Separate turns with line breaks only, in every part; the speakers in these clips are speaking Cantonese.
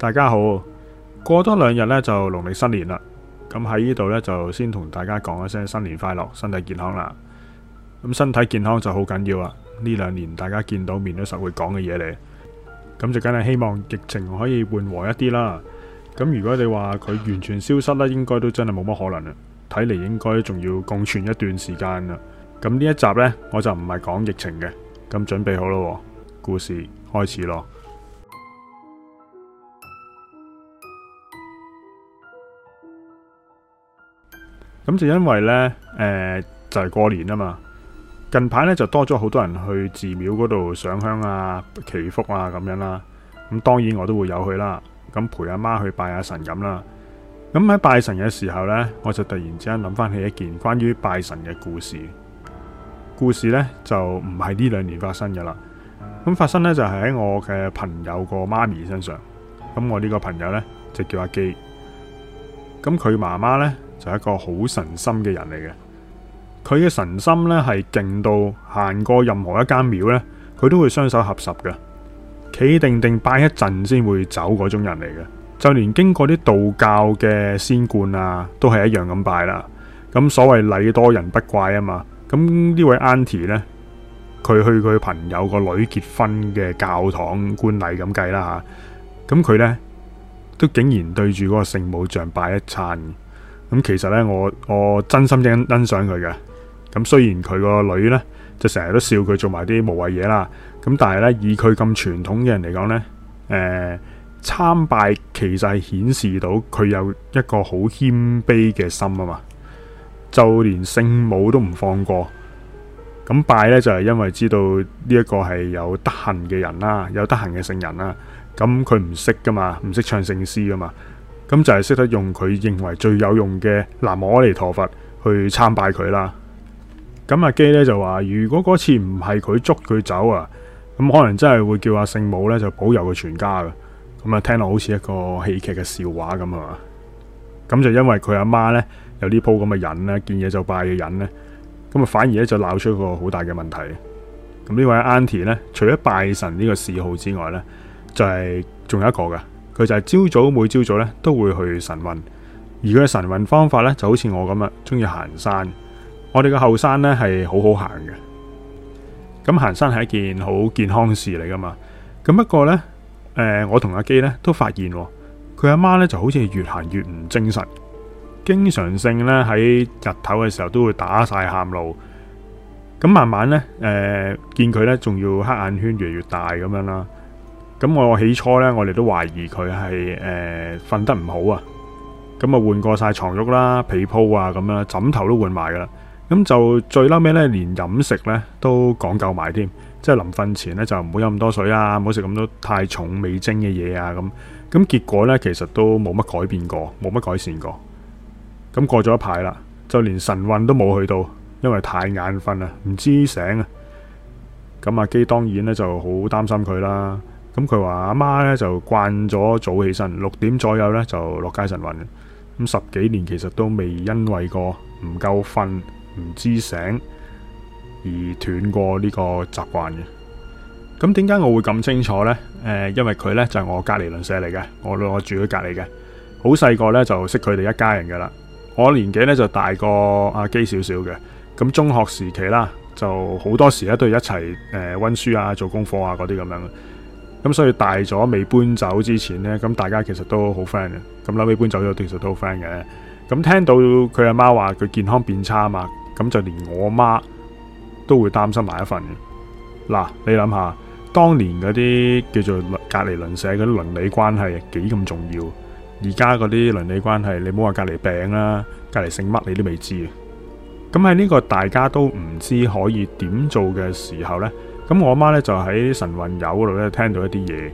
大家好，過多兩日呢就農曆新年啦，咁喺呢度呢，就先同大家講一聲新年快樂，身體健康啦。咁身體健康就好緊要啦，呢兩年大家見到面都實會講嘅嘢嚟，咁就梗係希望疫情可以緩和一啲啦。咁如果你話佢完全消失啦，應該都真係冇乜可能啦。睇嚟應該仲要共存一段時間啦。咁呢一集呢，我就唔係講疫情嘅，咁準備好咯喎。故事開始咯。咁就因為呢，誒、呃，就係、是、過年啊嘛。近排呢，就多咗好多人去寺廟嗰度上香啊、祈福啊咁樣啦、啊。咁當然我都會有去啦。咁陪阿媽去拜下神咁啦。咁喺拜神嘅時候呢，我就突然之間諗翻起一件關於拜神嘅故事。故事呢，就唔係呢兩年發生嘅啦。咁發生呢，就係、是、喺我嘅朋友個媽咪身上。咁我呢個朋友呢，就叫阿基。咁佢媽媽呢。就一個好神心嘅人嚟嘅。佢嘅神心呢，係勁到行過任何一間廟呢，佢都會雙手合十嘅，企定定拜一陣先會走嗰種人嚟嘅，就連經過啲道教嘅仙觀啊，都係一樣咁拜啦。咁所謂禮多人不怪啊嘛。咁呢位 Aunty 呢，佢去佢朋友個女結婚嘅教堂觀禮咁計啦吓，咁佢呢，都竟然對住個個聖母像拜一餐。咁其實咧，我我真心欣，欣賞佢嘅。咁雖然佢個女咧，就成日都笑佢做埋啲無謂嘢啦。咁但係咧，以佢咁傳統嘅人嚟講咧，誒、呃、參拜其實係顯示到佢有一個好謙卑嘅心啊嘛。就連聖母都唔放過。咁拜咧就係因為知道呢一個係有得行嘅人啦，有得行嘅聖人啦。咁佢唔識㗎嘛，唔識唱聖詩㗎嘛。咁就係識得用佢認為最有用嘅南摩阿彌陀佛去參拜佢啦。咁阿基咧就話，如果嗰次唔係佢捉佢走啊，咁可能真係會叫阿聖母咧就保佑佢全家噶。咁啊，聽落好似一個戲劇嘅笑話咁係嘛。咁就因為佢阿媽咧有呢鋪咁嘅癮呢，人見嘢就拜嘅癮咧，咁啊反而咧就鬧出一個好大嘅問題。咁呢位阿安提咧，除咗拜神呢個嗜好之外咧，就係、是、仲有一個㗎。佢就係朝早每朝早咧都會去晨運，而佢嘅晨運方法咧就好似我咁啊，中意行山。我哋嘅後山咧係好好行嘅，咁行山係一件好健康事嚟噶嘛。咁不過咧，誒、呃、我同阿基咧都發現，佢阿媽咧就好似越行越唔精神，經常性咧喺日頭嘅時候都會打晒喊路，咁慢慢咧誒、呃、見佢咧仲要黑眼圈越嚟越大咁樣啦。咁我起初呢，我哋都懷疑佢係誒瞓得唔好啊。咁啊，換過晒床褥啦、被鋪啊，咁啦，枕頭都換埋噶啦。咁就最尾呢，連飲食呢都講究埋添，即係臨瞓前呢，就唔好飲咁多水啊，唔好食咁多太重味精嘅嘢啊。咁咁結果呢，其實都冇乜改變過，冇乜改善過。咁過咗一排啦，就連晨運都冇去到，因為太眼瞓啦，唔知醒啊。咁阿基當然呢，就好擔心佢啦。咁佢話阿媽咧就慣咗早起身，六點左右咧就落街晨運嘅。咁十幾年其實都未因為個唔夠瞓唔知醒而斷過呢個習慣嘅。咁點解我會咁清楚呢？誒，因為佢呢就係我隔離鄰舍嚟嘅，我我住喺隔離嘅。好細個呢就識佢哋一家人嘅啦。我年紀呢就大過阿基少少嘅。咁中學時期啦，就好多時咧都要一齊誒温書啊，做功課啊，嗰啲咁樣。咁所以大咗未搬走之前呢，咁大家其實都好 friend 嘅。咁諗起搬走咗，其實都好 friend 嘅。咁聽到佢阿媽話佢健康變差啊嘛，咁就連我阿媽都會擔心埋一份嘅。嗱，啊，你諗下當年嗰啲叫做隔籬鄰舍嗰啲鄰里關係幾咁重要，而家嗰啲鄰里關係，你唔好話隔籬病啦，隔籬姓乜你都未知嘅。咁喺呢個大家都唔知可以點做嘅時候呢。咁我阿媽咧就喺神運友嗰度咧聽到一啲嘢，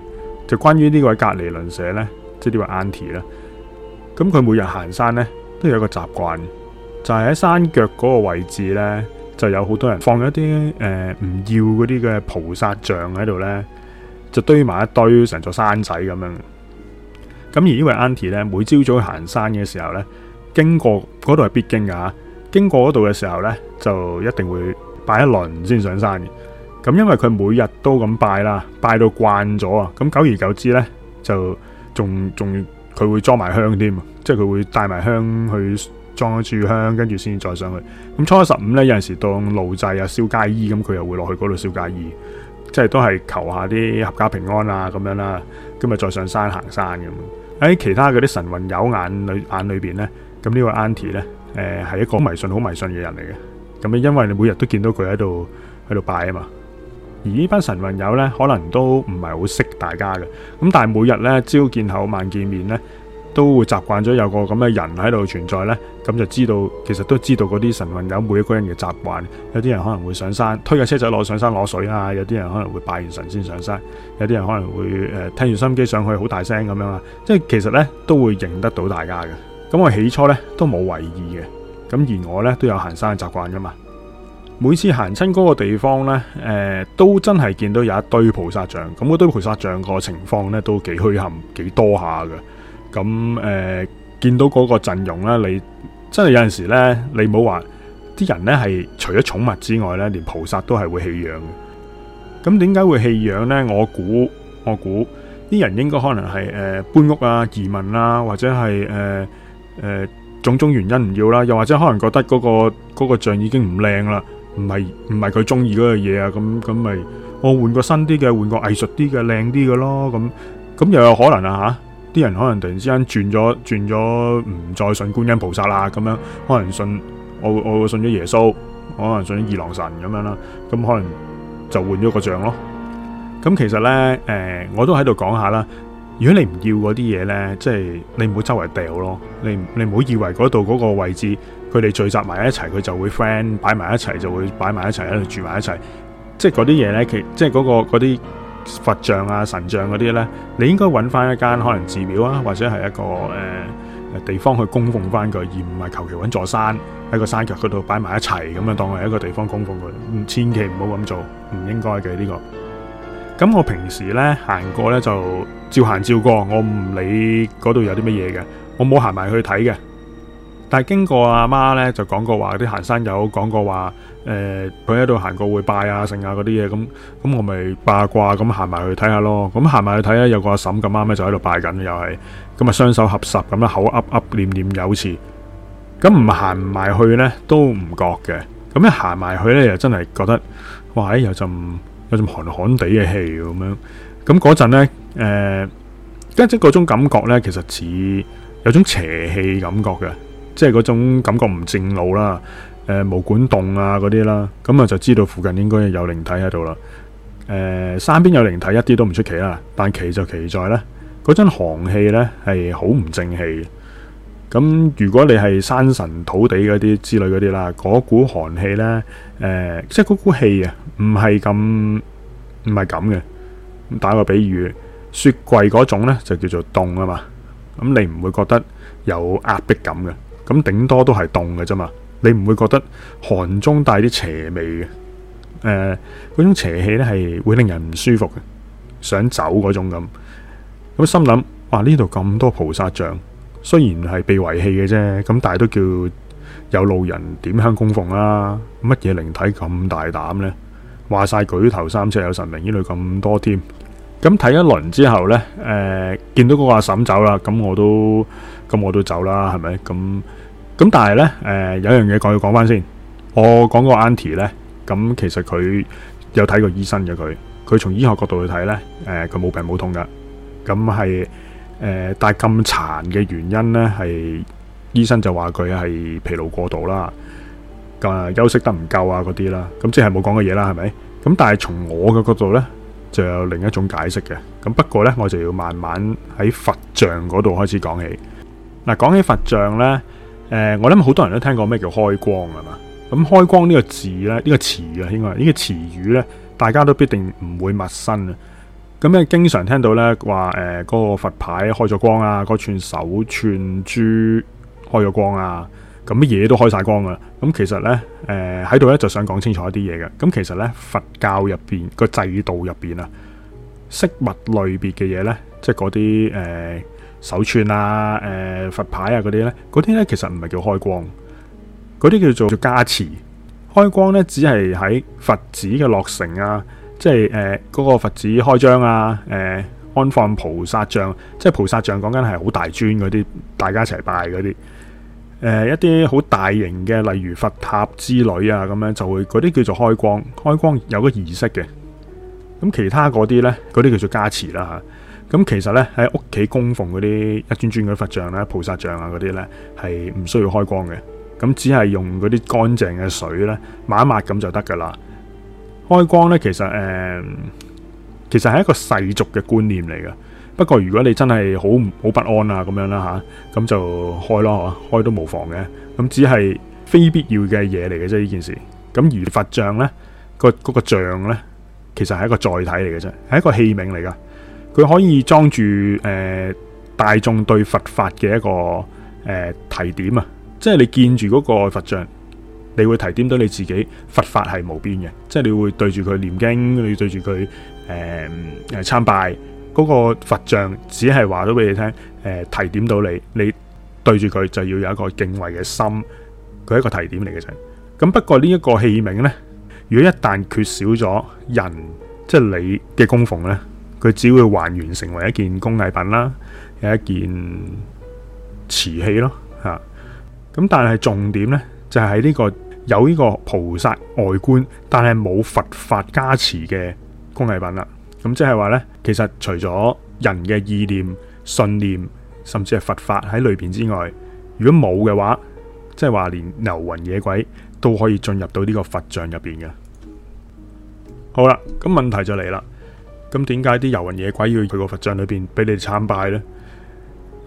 就關於呢位隔離鄰舍咧，即係呢位 aunty 咧。咁佢每日行山咧，都有個習慣，就係、是、喺山腳嗰個位置咧，就有好多人放咗一啲誒唔要嗰啲嘅菩薩像喺度咧，就堆埋一堆成座山仔咁樣。咁而呢位 aunty 咧，每朝早行山嘅時候咧，經過嗰度係必經嘅㗎，經過嗰度嘅時候咧，就一定會擺一輪先上山嘅。咁因為佢每日都咁拜啦，拜到慣咗啊。咁久而久之呢，就仲仲佢會裝埋香添，即係佢會帶埋香去裝一炷香，跟住先再上去。咁初一十五呢，有陣時當路祭啊，燒街衣咁，佢又會落去嗰度燒街衣，即係都係求下啲合家平安啊咁樣啦。咁咪再上山行山咁。喺其他嗰啲神魂有眼裏眼裏邊呢，咁呢個 Auntie 呢，誒係一個迷信好迷信嘅人嚟嘅。咁因為你每日都見到佢喺度喺度拜啊嘛。而呢班神運友呢，可能都唔係好識大家嘅，咁但係每日呢，朝見口、晚見面呢，都會習慣咗有個咁嘅人喺度存在呢。咁就知道其實都知道嗰啲神運友每一個人嘅習慣，有啲人可能會上山推架車仔攞上山攞水啊，有啲人可能會拜完神先上山，有啲人可能會、呃、聽住心機上去好大聲咁樣啊，即係其實呢，都會認得到大家嘅。咁我起初呢，都冇為意嘅，咁而我呢，都有行山嘅習慣噶嘛。每次行親嗰個地方呢，誒、呃，都真係見到有一堆菩薩像，咁嗰堆菩薩像個情況呢，都幾虛冚，幾多下㗎。咁誒、呃，見到嗰個陣容呢，你真係有陣時呢，你冇話啲人呢係除咗寵物之外呢，連菩薩都係會棄養嘅。咁點解會棄養呢？我估我估啲人應該可能係誒、呃、搬屋啊、移民呀，或者係誒誒種種原因唔要啦，又或者可能覺得嗰個嗰個像已經唔靚啦。唔係唔係佢中意嗰樣嘢啊，咁咁咪我換個新啲嘅，換個藝術啲嘅，靚啲嘅咯，咁咁又有可能啊吓，啲人可能突然之間轉咗轉咗唔再信觀音菩薩啦，咁樣可能信我我信咗耶穌，可能信咗二郎神咁樣啦，咁可能就換咗個像咯。咁其實呢，誒，我都喺度講下啦，如果你唔要嗰啲嘢呢，即係你唔好周圍掉咯，你你唔好以為嗰度嗰個位置。佢哋聚集埋一齊，佢就會 friend 擺埋一齊，就會擺埋一齊喺度住埋一齊。即係嗰啲嘢呢，其即係嗰、嗰個嗰啲佛像啊、神像嗰啲呢，你應該揾翻一間可能寺廟啊，或者係一個誒、呃、地方去供奉翻佢，而唔係求其揾座山喺個山腳嗰度擺埋一齊咁啊，樣當係一個地方供奉佢。千祈唔好咁做，唔應該嘅呢個。咁我平時呢，行過呢就照行照過，我唔理嗰度有啲乜嘢嘅，我冇行埋去睇嘅。但係經過阿媽咧，就講過話啲行山友講過話，誒、呃，佢喺度行過會拜啊，剩啊嗰啲嘢咁咁，那那我咪八卦咁行埋去睇下咯。咁行埋去睇啊，有個阿嬸咁啱咧，就喺度拜緊，又係咁啊，雙手合十咁樣，口噏噏念念有詞。咁唔行埋去咧，都唔覺嘅。咁一行埋去咧，又真係覺得哇，有陣有陣寒寒地嘅氣咁樣。咁嗰陣咧，誒、呃，跟住嗰種感覺咧，其實似有種邪氣感覺嘅。即係嗰種感覺唔正路啦，誒，毛管戙啊嗰啲啦，咁啊就知道附近應該有靈體喺度啦。誒，山邊有靈體一啲都唔出奇啦，但奇就奇在咧，嗰陣寒氣咧係好唔正氣。咁如果你係山神土地嗰啲之類嗰啲啦，嗰股寒氣咧，誒，即係嗰股氣啊，唔係咁唔係咁嘅。打個比喻，雪櫃嗰種咧就叫做凍啊嘛，咁你唔會覺得有壓迫感嘅。咁頂多都係凍嘅啫嘛，你唔會覺得寒中帶啲邪味嘅，誒，嗰種邪氣咧係會令人唔舒服嘅，想走嗰種咁。咁心諗，哇，呢度咁多菩薩像，雖然係被遺棄嘅啫，咁但係都叫有路人點香供奉啦。乜嘢靈體咁大膽呢？話晒舉頭三尺有神明呢類咁多添。咁睇一輪之後咧，誒，見到嗰個阿嬸走啦，咁我都，咁我都走啦，係咪？咁，咁但係咧，誒，有樣嘢講要講翻先。我講個 aunty 咧，咁其實佢有睇過醫生嘅，佢，佢從醫學角度去睇咧，誒，佢冇病冇痛噶咁係，誒，但係咁殘嘅原因咧，係醫生就話佢係疲勞過度啦，啊，休息得唔夠啊嗰啲啦，咁即係冇講過嘢啦，係咪？咁但係從我嘅角度咧。就有另一種解釋嘅，咁不過呢，我就要慢慢喺佛像嗰度開始講起。嗱、啊，講起佛像呢，誒、呃，我諗好多人都聽過咩叫開光啊嘛。咁開光呢個字呢，呢、這個詞啊，應該呢、這個詞語呢，大家都必定唔會陌生啊。咁啊，經常聽到呢話誒，嗰、呃那個佛牌開咗光啊，嗰串手串珠開咗光啊。咁乜嘢都開曬光噶啦。咁其實咧，誒喺度咧就想講清楚一啲嘢嘅。咁其實咧，佛教入邊個制度入邊啊，飾物類別嘅嘢咧，即係嗰啲誒手串啊、呃、佛牌啊嗰啲咧，嗰啲咧其實唔係叫開光，嗰啲叫做叫加持。開光咧只係喺佛寺嘅落成啊，即係嗰、呃嗰個佛寺開張啊，誒、呃、安放菩薩像，即係菩薩像講緊係好大尊嗰啲，大家一齊拜嗰啲。誒、呃，一啲好大型嘅，例如佛塔之類啊，咁樣就會嗰啲叫做開光，開光有個儀式嘅。咁其他嗰啲呢，嗰啲叫做加持啦嚇。咁其實呢，喺屋企供奉嗰啲一尊尊嗰啲佛像啦、菩薩像啊嗰啲呢，係唔需要開光嘅。咁只係用嗰啲乾淨嘅水呢，抹一抹咁就得噶啦。開光呢，其實誒、呃，其實係一個世俗嘅觀念嚟嘅。不過如果你真係好好不安啊，咁樣啦吓，咁就開咯嗬，開都無妨嘅。咁只係非必要嘅嘢嚟嘅啫，呢件事。咁而佛像呢，嗰個嗰、嗰個像呢，其實係一個載體嚟嘅啫，係一個器皿嚟噶。佢可以裝住誒、呃、大眾對佛法嘅一個誒、呃、提點啊，即係你見住嗰個佛像，你會提點到你自己，佛法係無邊嘅，即係你會對住佢念經，你對住佢誒誒參拜。嗰個佛像只係話咗俾你聽，誒提點到你，你對住佢就要有一個敬畏嘅心。佢係一個提點嚟嘅啫。咁不過呢一個器皿咧，如果一旦缺少咗人，即係你嘅供奉咧，佢只會還原成為一件工藝品啦，係一件瓷器咯嚇。咁但係重點咧，就係呢個有呢個菩薩外觀，但係冇佛法加持嘅工藝品啦。咁即係話呢，其實除咗人嘅意念、信念，甚至係佛法喺裏邊之外，如果冇嘅話，即係話連遊魂野鬼都可以進入到呢個佛像入邊嘅。好啦，咁問題就嚟啦。咁點解啲遊魂野鬼要去個佛像裏邊俾你參拜呢，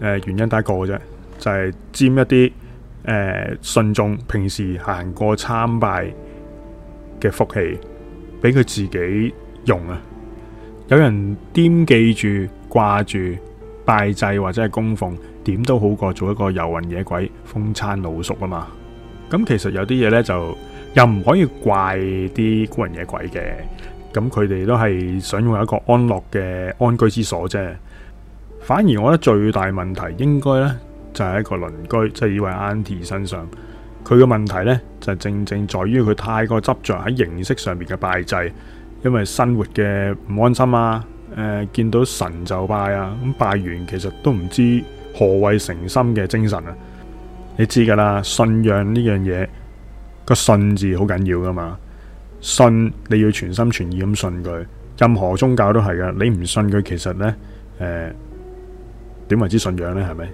呃？原因第一個嘅啫，就係、是、佔一啲誒、呃、信眾平時行過參拜嘅福氣，俾佢自己用啊。有人掂記住掛住拜祭或者係供奉，點都好過做一個遊魂野鬼，風餐露宿啊嘛。咁其實有啲嘢呢，就又唔可以怪啲孤魂野鬼嘅，咁佢哋都係想用一個安樂嘅安居之所啫。反而我覺得最大問題應該呢，就係、是、一個鄰居，即、就、係、是、以為 aunty 身上佢嘅問題呢，就是、正正在於佢太過執着喺形式上面嘅拜祭。因為生活嘅唔安心啊，誒、呃、見到神就拜啊，咁拜完其實都唔知何謂誠心嘅精神啊，你知噶啦，信仰呢樣嘢個信字好緊要噶嘛，信你要全心全意咁信佢，任何宗教都係噶，你唔信佢其實呢，誒、呃、點為之信仰呢？係咪？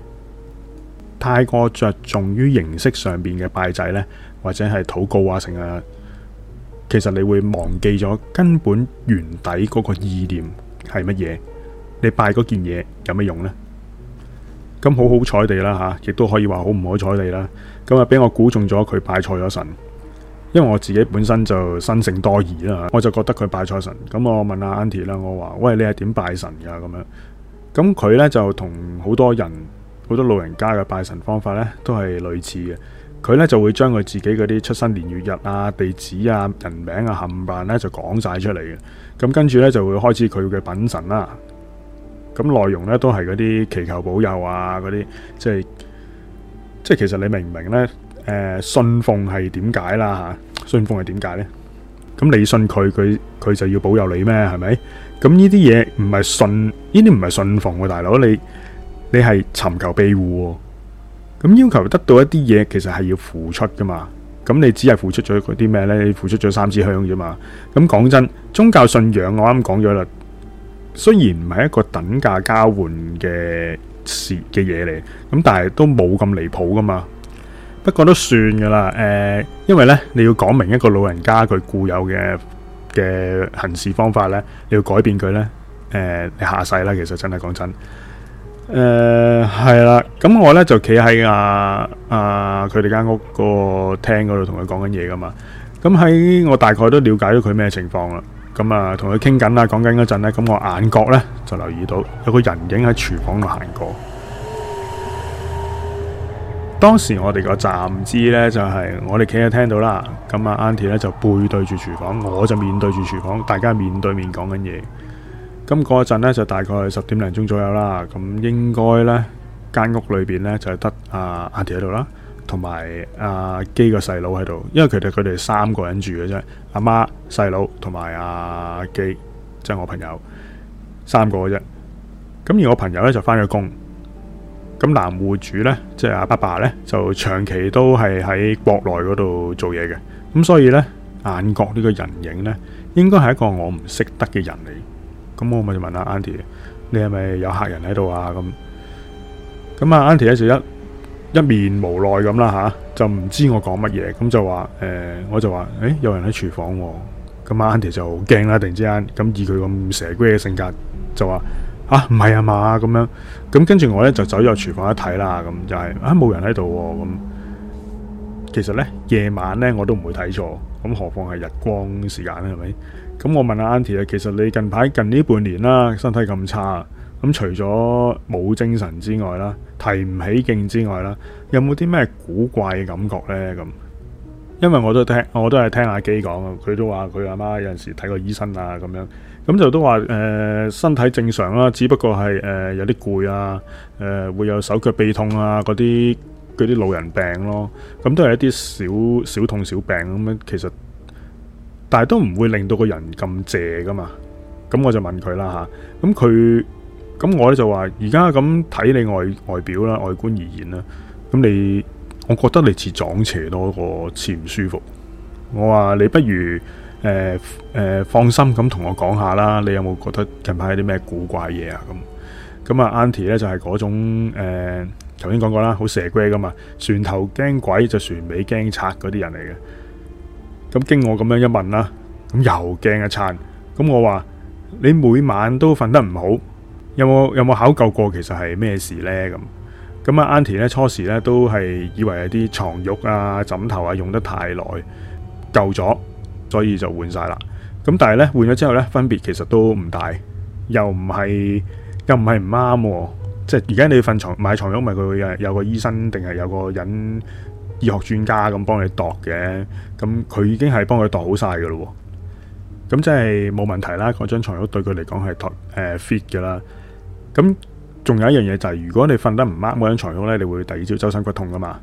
太過着重於形式上邊嘅拜祭呢，或者係禱告啊成啊。等等。其實你會忘記咗根本原底嗰個意念係乜嘢？你拜嗰件嘢有咩用呢？咁好好彩地啦吓，亦、啊、都可以話好唔好彩地啦。咁啊，俾我估中咗佢拜錯咗神，因為我自己本身就生性多疑啦，我就覺得佢拜錯神。咁我問，問阿 Aunty 啦，我話喂，你係點拜神噶咁樣？咁佢呢就同好多人、好多老人家嘅拜神方法呢都係類似嘅。佢咧就會將佢自己嗰啲出生年月日啊、地址啊、人名啊、冚唪唥就講晒出嚟嘅，咁跟住咧就會開始佢嘅稟神啦。咁內容咧都係嗰啲祈求保佑啊，嗰啲即係即係其實你明唔明咧？誒，信奉係點解啦？嚇，信奉係點解咧？咁你信佢，佢佢就要保佑你咩？係咪？咁呢啲嘢唔係信，呢啲唔係信奉喎，大佬，你你係尋求庇護。咁要求得到一啲嘢，其實係要付出噶嘛？咁你只係付出咗嗰啲咩呢？你付出咗三支香啫嘛？咁講真，宗教信仰我啱啱講咗啦，雖然唔係一個等價交換嘅事嘅嘢嚟，咁但係都冇咁離譜噶嘛？不過都算噶啦，誒，因為呢你要講明一個老人家佢固有嘅嘅行事方法呢，你要改變佢呢，誒，你下世啦，其實真係講真。誒、uh，係啦，咁我呢就企喺佢哋間屋個廳嗰度同佢講緊嘢噶嘛，咁喺我大概都了解到佢咩情況啦，咁啊同佢傾緊啦，講緊嗰陣呢，咁我眼角呢就留意到有個人影喺廚房度行過。當時我哋個站姿呢，就係，是，我哋企喺聽到啦，咁阿 Auntie 呢就背對住廚房，我就面對住廚房，大家面對面講緊嘢。咁嗰陣咧，就大概十點零鐘左右啦。咁應該咧，間屋裏邊咧就係得阿阿弟喺度啦，同埋阿基個細佬喺度。因為其實佢哋三個人住嘅啫，阿媽、細佬同埋阿基，即係我朋友三個嘅啫。咁而我朋友咧就翻咗工，咁男戶主咧，即係阿爸爸咧，就長期都係喺國內嗰度做嘢嘅。咁所以咧，眼角呢個人影咧，應該係一個我唔識得嘅人嚟。咁我咪就問阿，Andy，你係咪有客人喺度啊？咁，咁啊，Andy 一時一一面無奈咁啦吓，就唔知我講乜嘢，咁就話誒、呃，我就話誒，有人喺廚房，啊，咁啊，Andy 就好驚啦，突然之間，咁以佢咁蛇龜嘅性格，就話啊唔係啊嘛，咁樣，咁跟住我咧就走咗去廚房一睇啦，咁就係、是、啊冇人喺度、啊，咁其實咧夜晚咧我都唔會睇錯，咁何況係日光時間咧係咪？咁我問，問阿 aunty 啊，其實你近排近呢半年啦，身體咁差，咁除咗冇精神之外啦，提唔起勁之外啦，有冇啲咩古怪嘅感覺呢？咁因為我都聽，我都係聽阿基講啊，佢都話佢阿媽有陣時睇過醫生啊，咁樣咁就都話、呃、身體正常啦，只不過係、呃、有啲攰啊，誒、呃、會有手腳痹痛啊嗰啲嗰啲老人病咯，咁都係一啲小小痛小病咁樣，其實。但係都唔會令到個人咁邪噶嘛，咁我就問佢啦吓。咁佢咁我咧就話：而家咁睇你外外表啦、外觀而言啦，咁你我覺得你似撞邪多過似唔舒服。我話你不如誒誒、呃呃、放心咁同我講下啦，你有冇覺得近排有啲咩古怪嘢啊？咁咁啊 Auntie 咧就係、是、嗰種誒頭先講過啦，好蛇鬼噶嘛，船頭驚鬼就船尾驚賊嗰啲人嚟嘅。咁經我咁樣一問啦，咁又驚一餐。咁我話，你每晚都瞓得唔好，有冇有冇考究過其實係咩事咧？咁咁啊，阿姨咧初時咧都係以為係啲床褥啊、枕頭啊用得太耐舊咗，所以就換晒啦。咁但係咧換咗之後咧，分別其實都唔大，又唔係又唔係唔啱。即係而家你瞓床買床褥，咪佢有有個醫生定係有個人？醫學專家咁幫你度嘅，咁佢已經係幫佢度好晒噶咯，咁即係冇問題啦。嗰張床褥對佢嚟講係誒 fit 嘅啦。咁仲有一樣嘢就係、是，如果你瞓得唔啱嗰張床褥咧，你會第二朝周身骨痛噶嘛。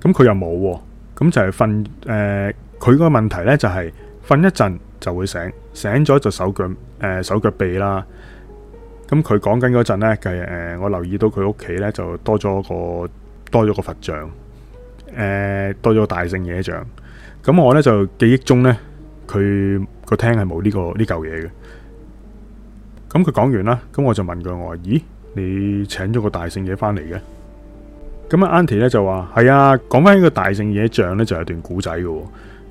咁佢又冇，咁就係瞓誒。佢、呃、個問題咧就係、是、瞓一陣就會醒，醒咗就手腳誒、呃、手腳痹啦。咁佢講緊嗰陣咧，係、就、誒、是呃、我留意到佢屋企咧就多咗個多咗個佛像。誒、呃，多咗大聖野像。咁我咧就記憶中咧，佢、這個廳係冇呢個呢舊嘢嘅。咁佢講完啦，咁我就問佢我話：咦，你請咗個大聖嘢翻嚟嘅？咁啊 Auntie 咧就話：係啊，講翻呢個大聖野像咧，就係、是、段古仔嘅。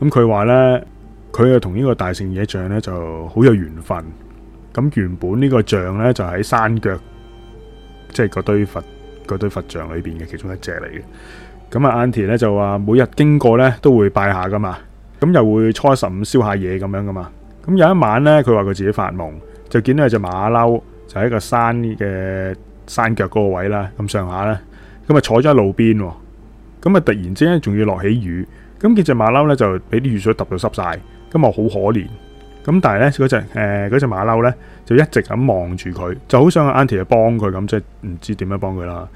咁佢話咧，佢又同呢個大聖野像咧就好有緣分。咁原本個呢個像咧就喺山腳，即係嗰堆佛嗰堆佛像裏邊嘅其中一隻嚟嘅。咁啊，Aunty 咧就話每日經過咧都會拜下噶嘛，咁又會初一十五燒下嘢咁樣噶嘛。咁有一晚咧，佢話佢自己發夢，就見到有隻馬騮就喺個山嘅山腳嗰個位啦，咁上下啦。咁啊坐咗喺路邊，咁啊突然之間仲要落起雨，咁見隻馬騮咧就俾啲雨水揼到濕晒，咁啊好可憐。咁但係咧嗰隻誒嗰隻馬騮咧就一直咁望住佢，就好想阿 Aunty 去幫佢咁，即係唔知點樣幫佢啦。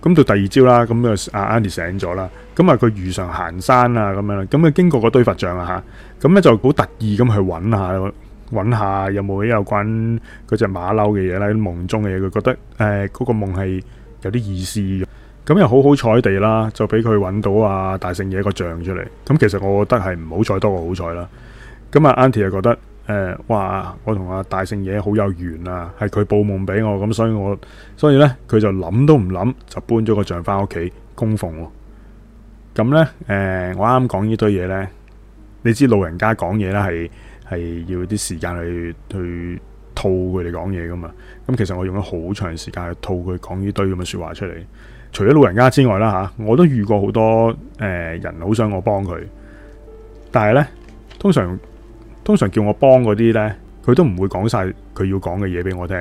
咁到第二朝啦，咁啊阿 Andy 醒咗啦，咁啊佢如常行山啊咁樣，咁啊經過堆佛像啊吓，咁咧就好特意咁去揾下咯，揾下有冇有，有關嗰隻馬騮嘅嘢咧，夢中嘅嘢，佢覺得嗰、呃嗰個夢係有啲意思咁，又好好彩地啦，就俾佢揾到啊大聖爺個像出嚟，咁其實我覺得係唔好彩多過好彩啦，咁啊 Andy 就覺得。誒、呃，哇我同阿大聖爺好有緣啊，係佢報夢俾我，咁所以我所以咧佢就諗都唔諗就搬咗個像翻屋企供奉喎。咁咧，誒、呃，我啱啱講呢堆嘢咧，你知老人家講嘢咧係係要啲時間去去套佢哋講嘢噶嘛。咁其實我用咗好長時間去套佢講呢堆咁嘅說話出嚟。除咗老人家之外啦吓、啊，我都遇過好多誒、呃、人好想我幫佢，但係咧通常。通常叫我幫嗰啲呢，佢都唔會講晒佢要講嘅嘢俾我聽。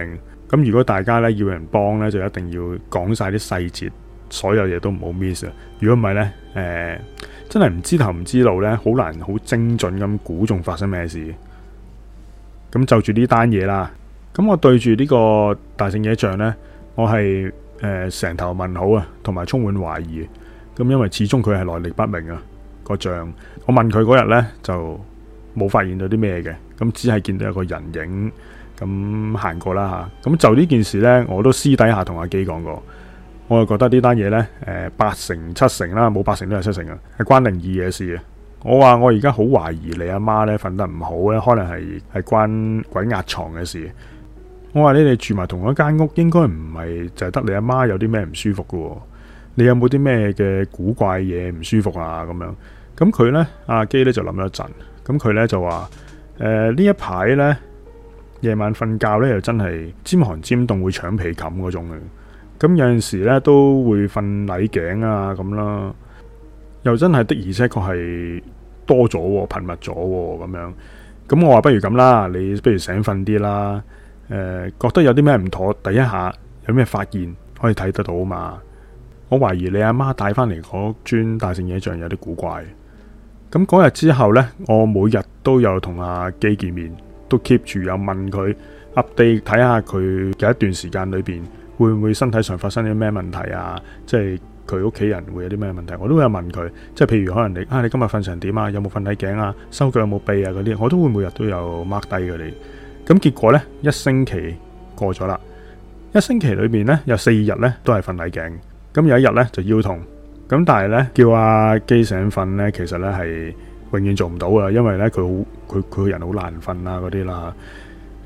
咁如果大家呢要人幫呢，就一定要講晒啲細節，所有嘢都唔好 miss。如果唔係呢，誒、呃、真係唔知頭唔知路呢，好難好精準咁估中發生咩事。咁就住呢單嘢啦。咁我對住呢個大聖爺像呢，我係誒成頭問號啊，同埋充滿懷疑。咁因為始終佢係來歷不明啊個像。我問佢嗰日呢，就。冇發現的是到啲咩嘅，咁只係見到有個人影咁行過啦吓。咁就呢件事呢，我都私底下同阿基講過，我就覺得呢單嘢呢，誒、呃、八成七成啦，冇八成都係七成嘅，係關靈異嘅事啊！我話我而家好懷疑你阿媽呢，瞓得唔好咧，可能係係關鬼壓床嘅事。我話你哋住埋同一間屋，應該唔係就係得你阿媽有啲咩唔舒服嘅喎？你有冇啲咩嘅古怪嘢唔舒服啊？咁樣咁佢呢，阿基呢就諗咗一陣。咁佢咧就話，誒，呢一排呢，夜晚瞓覺呢又真係尖寒尖凍，會搶被冚嗰種嘅，咁有陣時呢都會瞓捩頸啊咁啦，又真係的而且確係多咗，頻密咗咁樣。咁我話不如咁啦，你不如醒瞓啲啦，誒，覺得有啲咩唔妥，第一下有咩發現可以睇得到嘛？我懷疑你阿媽帶翻嚟嗰尊大聖爺像有啲古怪。咁嗰日之後咧，我每日都有同阿基見面，都 keep 住有問佢，update 睇下佢嘅一段時間裏邊會唔會身體上發生啲咩問題啊？即係佢屋企人會有啲咩問題，我都會有問佢。即係譬如可能你啊，你今日瞓成點啊？有冇瞓底頸啊？收腳有冇痹啊？嗰啲我都會每日都有 mark 低佢哋。咁結果咧，一星期過咗啦，一星期裏邊咧有四日咧都係瞓底頸，咁有一日咧就腰痛。咁但係咧，叫阿基醒瞓咧，其實咧係永遠做唔到啊，因為咧佢好佢佢個人好難瞓啊嗰啲啦。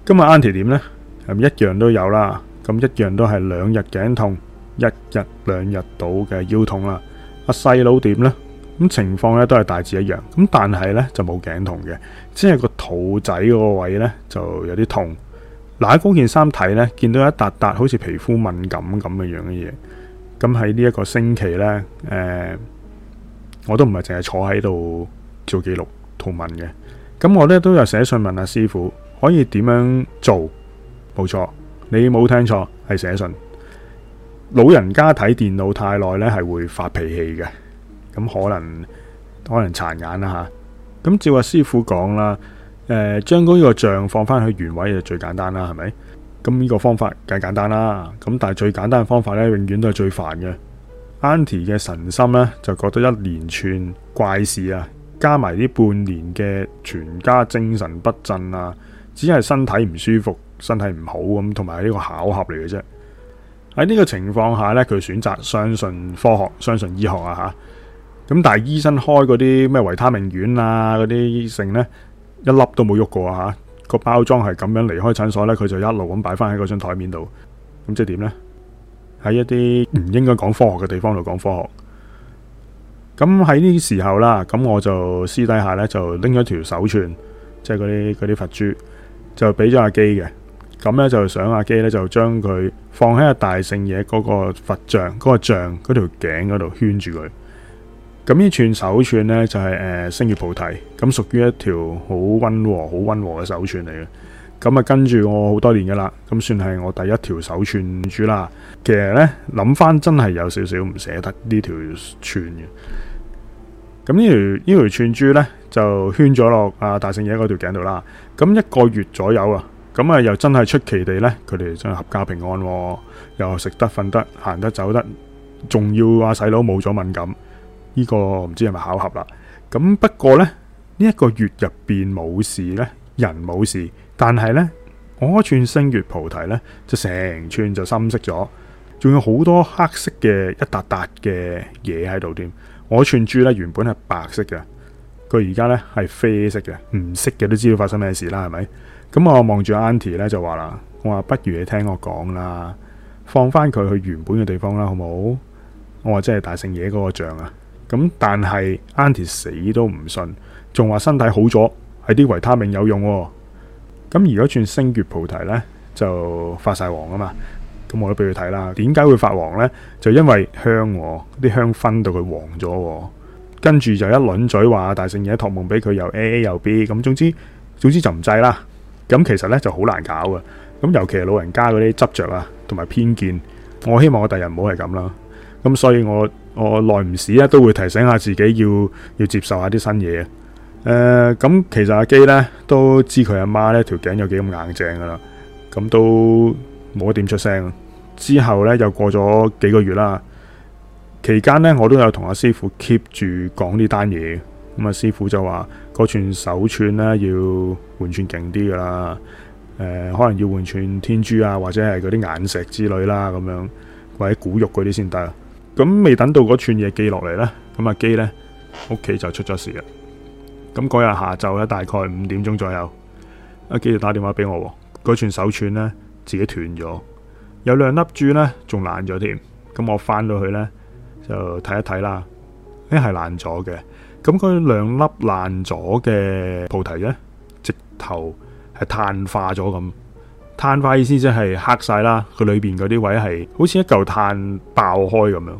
今日 Aunty 點咧？咁一樣都有啦，咁一樣都係兩日頸痛，一日兩日到嘅腰痛啦。阿細佬點咧？咁情況咧都係大致一樣，咁但係咧就冇頸痛嘅，即係個肚仔嗰個位咧就有啲痛。嗱，喺嗰件衫睇咧，見到一笪笪好似皮膚敏感咁嘅樣嘅嘢。咁喺呢一個星期呢，誒、呃，我都唔係淨係坐喺度做記錄同問嘅。咁我呢都有寫信問阿師傅，可以點樣做？冇錯，你冇聽錯，係寫信。老人家睇電腦太耐呢係會發脾氣嘅。咁可能可能殘眼啦吓。咁照阿師傅講啦，誒、呃，將嗰個像放翻去原位就最簡單啦，係咪？咁、這、呢個方法梗係簡單啦，咁但係最簡單嘅方法呢，永遠都係最煩嘅。Auntie 嘅神心呢，就覺得一連串怪事啊，加埋呢半年嘅全家精神不振啊，只係身體唔舒服、身體唔好咁，同埋呢個巧合嚟嘅啫。喺呢個情況下呢，佢選擇相信科學、相信醫學啊吓。咁但係醫生開嗰啲咩維他命丸啊嗰啲醫性呢，一粒都冇喐過啊吓。個包裝係咁樣離開診所呢，佢就一路咁擺翻喺嗰張台面度。咁即係點呢？喺一啲唔應該講科學嘅地方度講科學。咁喺呢時候啦，咁我就私底下呢就拎咗條手串，即係嗰啲嗰啲佛珠，就俾咗阿基嘅。咁呢就想阿基呢就將佢放喺阿大聖爺嗰個佛像嗰個像嗰條頸嗰度圈住佢。咁呢串手串咧就係誒星月菩提，咁屬於一條好溫和、好溫和嘅手串嚟嘅。咁啊跟住我好多年噶啦，咁算係我第一條手串珠啦。其實咧諗翻真係有少少唔捨得呢條串嘅。咁呢條呢條串珠咧就圈咗落阿大聖爺嗰條頸度啦。咁一個月左右啊，咁啊又真係出奇地咧，佢哋真係合家平安喎，又食得、瞓得、行得、走得，仲要阿細佬冇咗敏感。呢、這個唔知係咪巧合啦？咁不過咧，呢、這、一個月入邊冇事咧，人冇事，但係咧，我串星月菩提咧就成串就深色咗，仲有好多黑色嘅一笪笪嘅嘢喺度添。我串珠咧原本係白色嘅，佢而家咧係啡色嘅，唔識嘅都知道發生咩事啦，係咪？咁我望住阿 Aunty 咧就話啦，我話不如你聽我講啦，放翻佢去原本嘅地方啦，好唔好？我話即係大聖爺嗰個像啊！咁但係 aunty 死都唔信，仲話身體好咗，係啲維他命有用，哦。咁而嗰串星月菩提呢，就發晒黃啊嘛。咁我都俾佢睇啦。點解會發黃呢？就因為香，哦，啲香分到佢黃咗，哦。跟住就一輪嘴話大聖爺托夢俾佢，又 A 又 B。咁總之總之就唔制啦。咁其實呢就好難搞噶。咁尤其係老人家嗰啲執着啊，同埋偏見。我希望我第日唔好係咁啦。咁所以我。我耐唔時啊，都會提醒下自己要要接受下啲新嘢。誒、呃，咁其實阿基呢，都知佢阿媽呢條頸有幾咁硬淨噶啦，咁都冇點出聲。之後呢，又過咗幾個月啦，期間呢，我都有同阿師傅 keep 住講呢單嘢。咁啊師傅就話嗰串手串呢，要換串勁啲噶啦，誒可能要換串天珠啊或者係嗰啲眼石之類啦咁樣，或者古玉嗰啲先得。咁未等到嗰串嘢寄落嚟呢，咁阿基呢，屋企就出咗事啦。咁嗰日下晝咧，大概五點鐘左右，阿基就打電話俾我，嗰串手串呢，自己斷咗，有兩粒珠呢，仲爛咗添。咁我翻到去呢，就睇一睇啦，欸，係爛咗嘅，咁嗰兩粒爛咗嘅菩提呢，直頭係碳化咗咁。碳化意思即係黑晒啦，佢裏邊嗰啲位係好似一嚿碳爆開咁樣。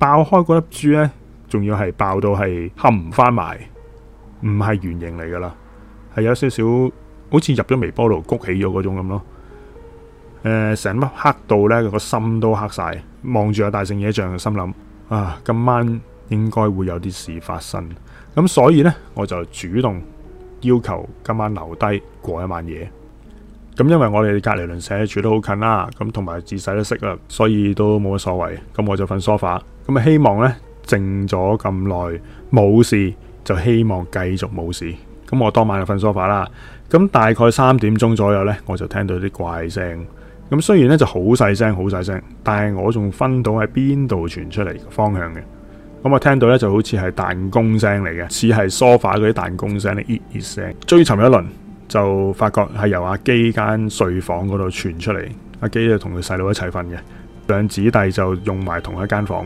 爆開嗰粒珠呢，仲要係爆到係冚唔翻埋，唔係圓形嚟噶啦，係有少少好似入咗微波爐，谷起咗嗰種咁咯。誒、呃，成粒黑到呢個心都黑晒，望住阿大聖野象，心諗啊，今晚應該會有啲事發生。咁所以呢，我就主動要求今晚留低過一晚夜。咁因為我哋隔籬鄰舍住得好近啦，啊，咁同埋自細都識啦，所以都冇乜所謂。咁我就瞓梳化。咁希望呢靜咗咁耐冇事，就希望繼續冇事。咁我當晚就瞓梳化啦。咁大概三點鐘左右呢，我就聽到啲怪聲。咁雖然呢就好細聲、好細聲，但係我仲分到喺邊度傳出嚟個方向嘅。咁我聽到呢就好似係彈弓聲嚟嘅，似係梳化嗰啲彈弓聲啲咦咦聲。追尋一輪就發覺係由阿基間睡房嗰度傳出嚟。阿基就同佢細佬一齊瞓嘅，兩子弟就用埋同一間房。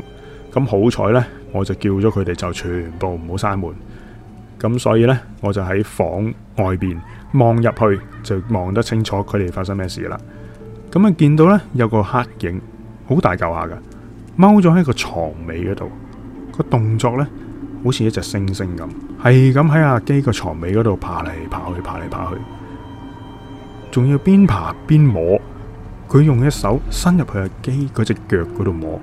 咁好彩呢，我就叫咗佢哋就全部唔好閂門。咁所以呢，我就喺房外邊望入去，就望得清楚佢哋發生咩事啦。咁啊，見到呢，有個黑影，好大舊下噶，踎咗喺個床尾嗰度。個動作呢，好似一隻猩猩咁，係咁喺阿基個床尾嗰度爬嚟爬爬去，爬嚟爬去，仲要邊爬邊摸。佢用一手伸入去阿基嗰隻腳嗰度摸。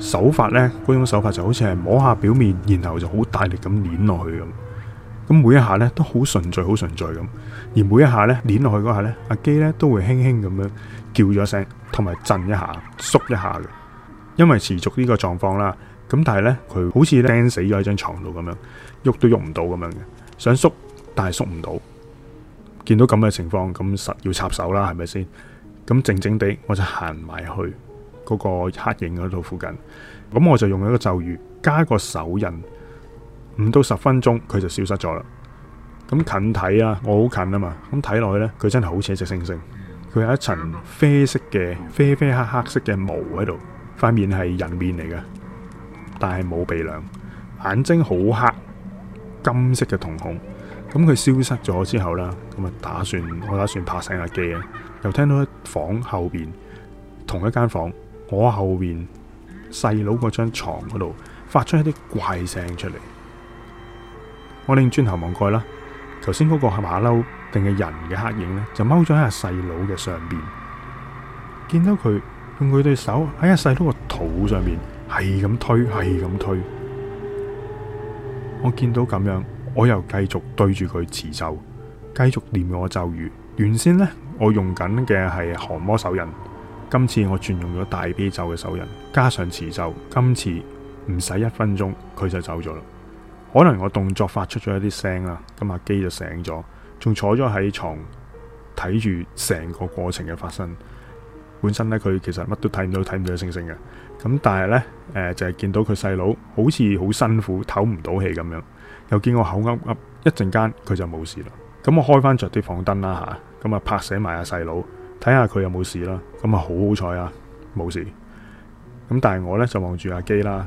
手法呢，嗰種手法就好似係摸下表面，然後就好大力咁捻落去咁。咁每一下呢，都好純粹，好純粹咁。而每一下呢，捻落去嗰下呢，阿基呢，都會輕輕咁樣叫咗聲，同埋震一下，縮一下嘅。因為持續呢個狀況啦，咁但係呢，佢好似釘死咗喺張床度咁樣，喐都喐唔到咁樣嘅，想縮但係縮唔到。見到咁嘅情況，咁實要插手啦，係咪先？咁靜靜地，我就行埋去。嗰個黑影嗰度附近，咁我就用一個咒語加個手印，唔到十分鐘佢就消失咗啦。咁近睇啊，我好近啊嘛，咁睇落去咧，佢真係好似一隻猩猩，佢係一層啡色嘅啡啡黑黑色嘅毛喺度，塊面係人面嚟嘅，但係冇鼻梁，眼睛好黑，金色嘅瞳孔。咁佢消失咗之後啦，咁啊打算我打算拍晒架機啊，又聽到房後邊同一間房。我後面細佬嗰張床嗰度發出一啲怪聲出嚟，我擰轉頭望過去啦。頭先嗰個馬騮定係人嘅黑影呢，就踎咗喺阿細佬嘅上邊，見到佢用佢對手喺阿細佬個肚上面係咁推，係咁推。我見到咁樣，我又繼續對住佢持咒，繼續念我咒語。原先呢，我用緊嘅係降魔手印。今次我轉用咗大悲咒嘅手印，加上持咒。今次唔使一分鐘，佢就走咗啦。可能我動作發出咗一啲聲啦，咁阿基就醒咗，仲坐咗喺床睇住成個過程嘅發生。本身呢，佢其實乜都睇唔到，睇唔到星星嘅。咁但係呢，誒、呃，就係、是、見到佢細佬好似好辛苦，唞唔到氣咁樣，又見我口噏噏，一陣間佢就冇事啦。咁我開翻着啲房燈啦吓，咁啊拍醒埋阿細佬。睇下佢有冇事啦，咁啊好好彩啊，冇事。咁但係我呢，就望住阿基啦，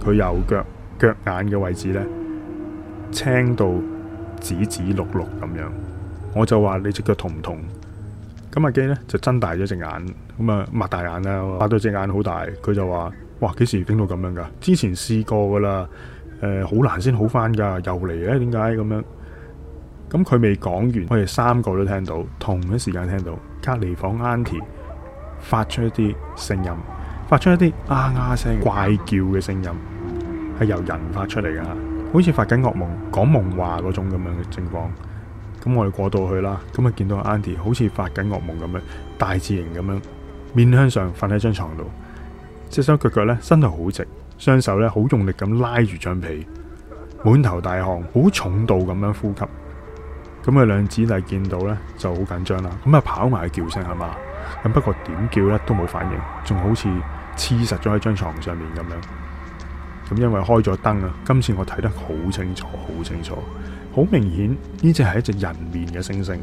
佢右腳腳眼嘅位置呢，青到紫紫綠綠咁樣，我就話你隻腳痛唔痛？咁阿基呢，就睜大咗隻眼，咁啊擘大眼啦，擘到隻眼好大。佢就話：哇，幾時聽到咁樣噶？之前試過噶啦，誒、呃，好難先好翻噶，又嚟咧，點解咁樣？咁佢未講完，我哋三個都聽到，同一時間聽到。隔離房 Auntie 發出一啲聲音，發出一啲啊啊聲、怪叫嘅聲音，係由人發出嚟嘅，好似發緊噩夢、講夢話嗰種咁樣嘅情況。咁我哋過到去啦，咁啊見到 Auntie 好似發緊噩夢咁樣，大字型咁樣，面向上瞓喺張床度，隻手腳腳咧，身度好直，雙手咧好用力咁拉住張被，滿頭大汗，好重度咁樣呼吸。咁啊！兩子弟見到咧，就好緊張啦。咁啊，跑埋去叫聲係嘛咁？不過點叫咧都冇反應，仲好似黐實咗喺張床上面咁樣。咁因為開咗燈啊，今次我睇得好清楚，好清楚，好明顯呢只係一隻人面嘅猩猩，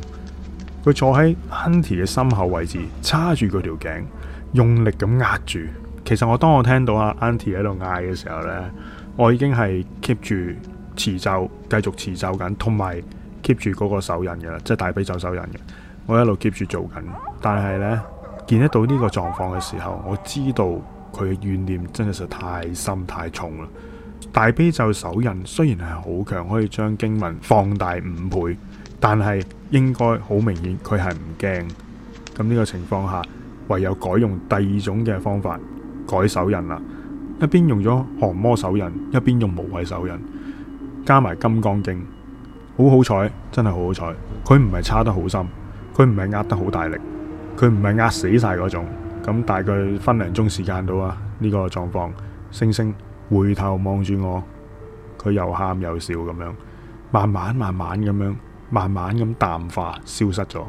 佢坐喺 Auntie 嘅心口位置，叉住佢條頸，用力咁壓住。其實我當我聽到阿 Auntie 喺度嗌嘅時候咧，我已經係 keep 住持咒，繼續持咒緊，同埋，keep 住嗰個手印嘅啦，即係大悲咒手印嘅。我一路 keep 住做緊，但係呢見得到呢個狀況嘅時候，我知道佢嘅怨念真係實太深太重啦。大悲咒手印雖然係好強，可以將經文放大五倍，但係應該好明顯佢係唔驚。咁呢個情況下，唯有改用第二種嘅方法改手印啦。一邊用咗降魔手印，一邊用無畏手印，加埋《金剛經》。好好彩，真係好好彩！佢唔係差得好深，佢唔係壓得好大力，佢唔係壓死晒嗰種。咁大概分兩鐘時間到啊，呢個狀況，星星回頭望住我，佢又喊又笑咁樣，慢慢慢慢咁樣，慢慢咁淡化消失咗，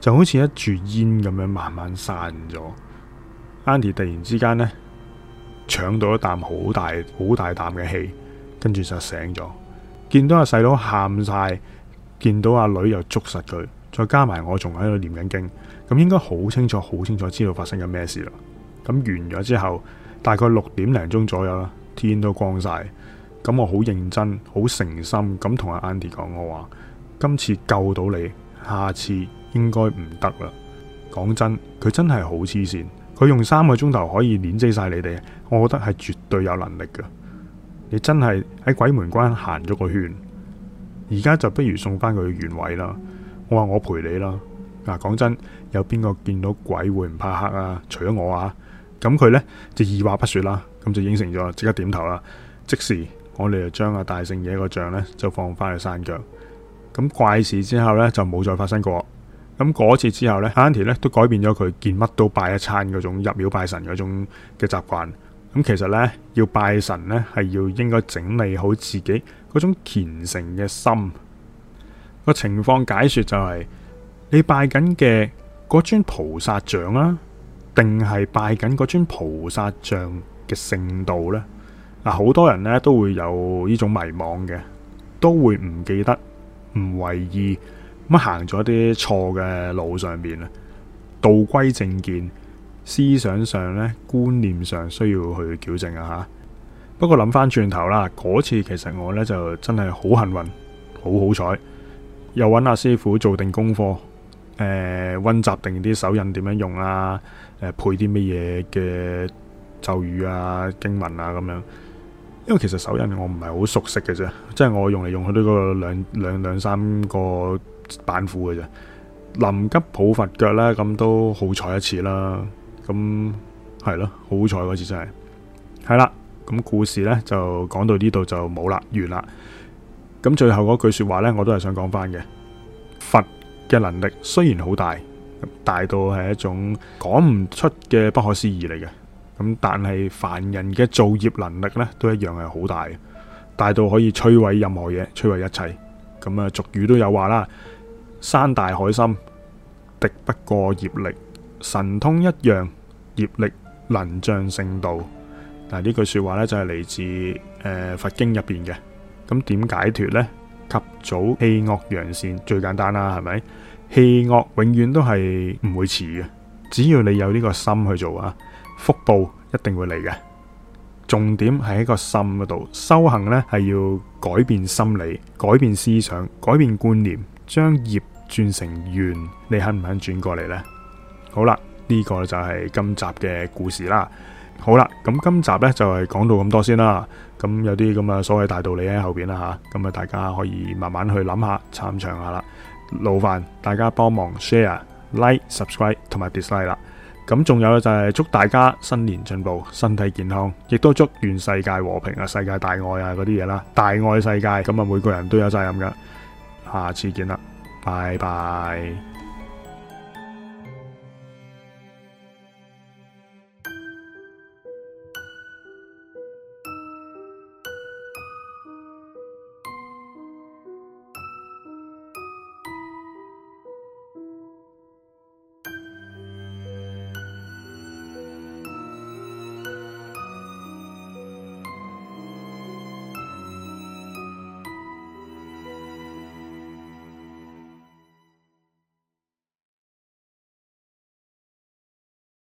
就好似一柱煙咁樣慢慢散咗。Andy 突然之間呢，搶到一啖好大好大啖嘅氣，跟住就醒咗。見到阿細佬喊晒，見到阿女又捉實佢，再加埋我仲喺度念緊經，咁應該好清楚、好清楚知道發生緊咩事啦。咁完咗之後，大概六點零鐘左右啦，天都光晒。咁我好認真、好誠心咁同阿 Andy 講，我話今次救到你，下次應該唔得啦。講真，佢真係好黐線，佢用三個鐘頭可以碾死晒你哋，我覺得係絕對有能力㗎。你真係喺鬼門關行咗個圈，而家就不如送返佢去原位啦。我話我陪你啦。嗱，講真，有邊個見到鬼會唔怕黑啊？除咗我啊，咁佢呢，就二話不說啦，咁就應承咗，即刻點頭啦。即時我哋就將阿大聖爺個像呢，就放返去山腳。咁怪事之後呢，就冇再發生過。咁嗰次之後姨姨呢，阿 Andy 都改變咗佢見乜都拜一餐嗰種入廟拜神嗰種嘅習慣。咁其實咧，要拜神咧，係要應該整理好自己嗰種虔誠嘅心。個情況解說就係、是、你拜緊嘅嗰尊菩薩像啦，定係拜緊嗰尊菩薩像嘅聖道呢？嗱，好多人咧都會有呢種迷惘嘅，都會唔記得、唔為意，咁行咗啲錯嘅路上面，咧，道歸正見。思想上咧、觀念上需要去矯正啊！嚇，不過諗翻轉頭啦，嗰次其實我咧就真係好幸運，好好彩，又揾阿師傅做定功課，誒溫習定啲手印點樣用啊，誒配啲乜嘢嘅咒語啊、經文啊咁樣。因為其實手印我唔係好熟悉嘅啫，即係我用嚟用去呢個兩兩兩三個板斧嘅啫。臨急抱佛腳咧，咁都好彩一次啦。咁係咯，好彩嗰次真係，係啦。咁故事呢就講到呢度就冇啦，完啦。咁最後嗰句說話呢，我都係想講翻嘅。佛嘅能力雖然好大，大到係一種講唔出嘅不可思議嚟嘅。咁但係凡人嘅造業能力呢，都一樣係好大，大到可以摧毀任何嘢，摧毀一切。咁啊，俗語都有話啦，山大海深，敵不過業力。神通一樣，業力能將聖道。嗱呢句說話咧就係嚟自誒佛經入邊嘅。咁點解脫咧？及早棄惡揚善最簡單啦，係咪？棄惡永遠都係唔會遲嘅。只要你有呢個心去做啊，福報一定會嚟嘅。重點係喺個心嗰度修行咧，係要改變心理、改變思想、改變觀念，將業轉成願，你肯唔肯轉過嚟咧？好啦，呢個就係今集嘅故事啦。好啦，咁今集呢就係講到咁多先啦。咁有啲咁嘅所謂大道理喺後邊啦吓，咁啊大家可以慢慢去諗下、參詳下啦。勞煩大家幫忙 share、like、subscribe 同埋 dislike 啦。咁仲有呢就係祝大家新年進步、身體健康，亦都祝願世界和平啊、世界大愛啊嗰啲嘢啦。大愛世界，咁啊每個人都有責任噶。下次見啦，拜拜。